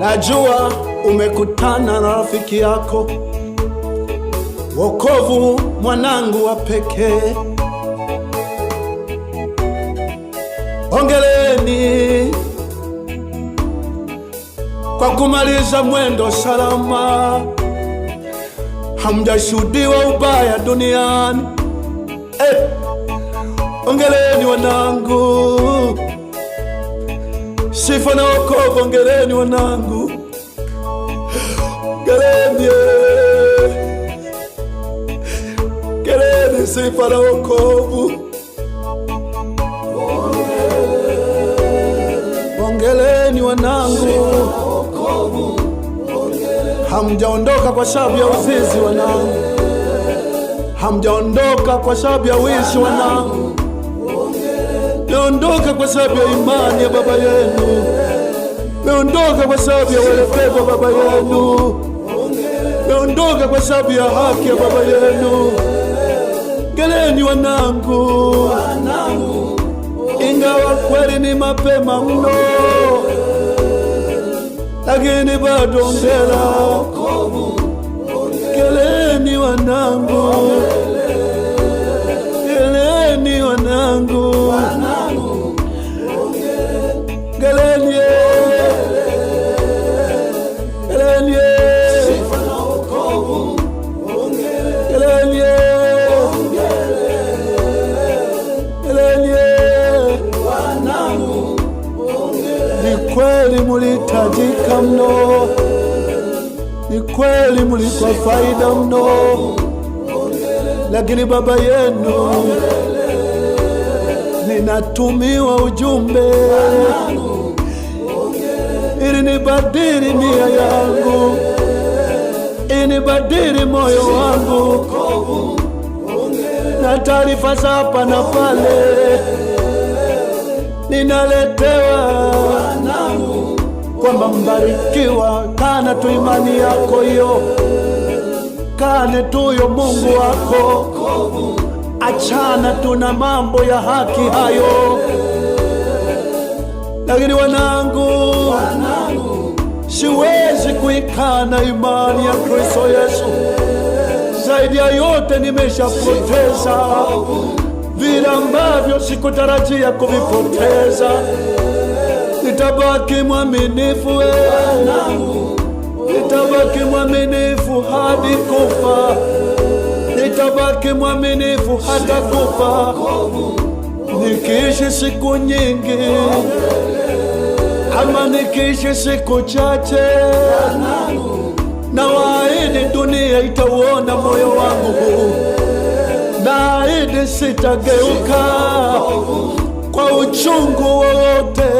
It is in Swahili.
Najua umekutana na rafiki yako. Wokovu mwanangu wa pekee, ongeleni kwa kumaliza mwendo salama. Hamjashuhudiwa ubaya duniani eh. Ongeleni wanangu. Sifa na wokovu, ongereni wanangu, ongereni, ongereni sifa na wokovu, ongereni wanangu, hamjaondoka kwa sababu ya uzizi wanangu, hamjaondoka kwa sababu ya wishi wanangu meondoka kwa sababu ya imani ya baba yenu, meondoka kwa sababu ya wale pepo baba yenu, meondoka kwa sababu ya haki ya baba yenu. Geleni wanangu, ingawa kweli ni mapema mno, lakini bado ongera. Geleni wanangu kweli mulitajika mno, ni kweli mulikuwa faida mno, lakini baba yenu ninatumiwa ujumbe ili nibadili nia yangu, inibadili moyo wangu na taarifa za hapa na pale ninaletewa kuwa mbarikiwa, kana tu imani yako hiyo, kane tuyo Mungu wako, achana tu na mambo ya haki hayo. Lakini wanangu, siwezi kuikana imani ya Kristo Yesu. Zaidi ya yote, nimeshapoteza vile ambavyo sikutarajia kuvipoteza nitabaki mwaminifu eh. nitabaki mwaminifu hadi kufa, nitabaki mwaminifu hata kufa, nikiishi siku nyingi ama nikiishi siku chache, na waidi dunia itauona moyo wangu naidi sitageuka kwa uchungu wowote